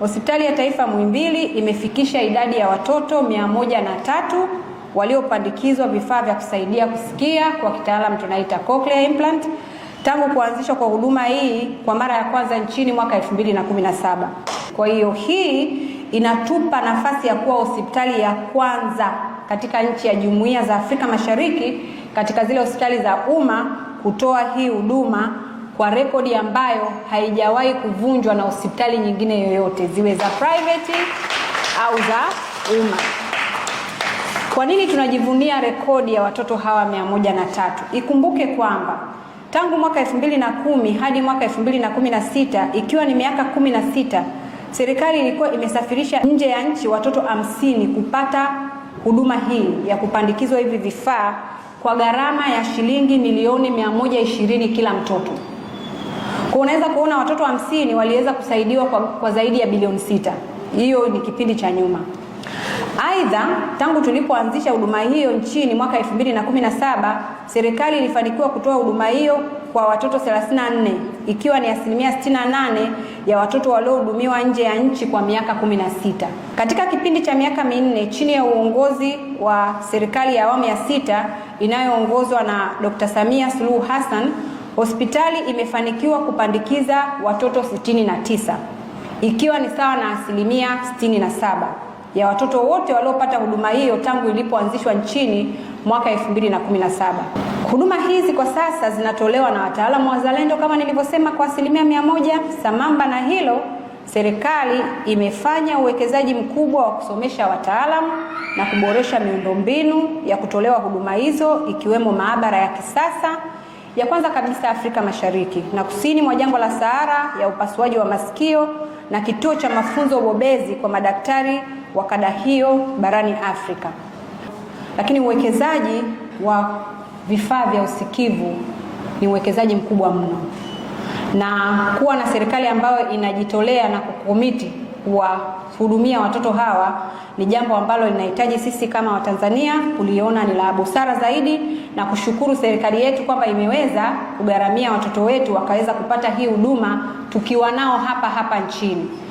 Hospitali ya Taifa Muhimbili imefikisha idadi ya watoto mia moja na tatu waliopandikizwa vifaa vya kusaidia kusikia kwa kitaalamu tunaita cochlear implant tangu kuanzishwa kwa huduma hii kwa mara ya kwanza nchini mwaka 2017. Kwa hiyo hii inatupa nafasi ya kuwa hospitali ya kwanza katika nchi ya Jumuiya za Afrika Mashariki katika zile hospitali za umma kutoa hii huduma kwa rekodi ambayo haijawahi kuvunjwa na hospitali nyingine yoyote, ziwe za private au za umma. Kwa nini tunajivunia rekodi ya watoto hawa mia moja na tatu? Ikumbuke kwamba tangu mwaka elfu mbili na kumi hadi mwaka elfu mbili na kumi na sita ikiwa ni miaka kumi na sita serikali ilikuwa imesafirisha nje ya nchi watoto hamsini kupata huduma hii ya kupandikizwa hivi vifaa kwa gharama ya shilingi milioni mia moja ishirini kila mtoto. Kwa unaweza kuona watoto hamsini waliweza kusaidiwa kwa, kwa zaidi ya bilioni sita. Hiyo ni kipindi cha nyuma. Aidha, tangu tulipoanzisha huduma hiyo nchini mwaka 2017 serikali ilifanikiwa kutoa huduma hiyo kwa watoto 34 ikiwa ni asilimia 68 ya watoto waliohudumiwa nje ya nchi kwa miaka 16. Katika kipindi cha miaka minne chini ya uongozi wa serikali ya awamu ya sita inayoongozwa na Dr. Samia Suluhu Hassan Hospitali imefanikiwa kupandikiza watoto 69 ikiwa ni sawa na asilimia 67 ya watoto wote waliopata huduma hiyo tangu ilipoanzishwa nchini mwaka 2017. Huduma hizi kwa sasa zinatolewa na wataalamu wazalendo kama nilivyosema kwa asilimia mia moja. Sambamba na hilo, serikali imefanya uwekezaji mkubwa wa kusomesha wataalamu na kuboresha miundombinu ya kutolewa huduma hizo ikiwemo maabara ya kisasa ya kwanza kabisa Afrika Mashariki na kusini mwa jangwa la Sahara ya upasuaji wa masikio na kituo cha mafunzo ubobezi kwa madaktari wa kada hiyo barani Afrika. Lakini uwekezaji wa vifaa vya usikivu ni uwekezaji mkubwa mno, na kuwa na serikali ambayo inajitolea na kukomiti kuwahudumia watoto hawa ni jambo ambalo linahitaji sisi kama Watanzania kuliona ni la busara zaidi na kushukuru serikali yetu kwamba imeweza kugharamia watoto wetu wakaweza kupata hii huduma tukiwa nao hapa hapa nchini.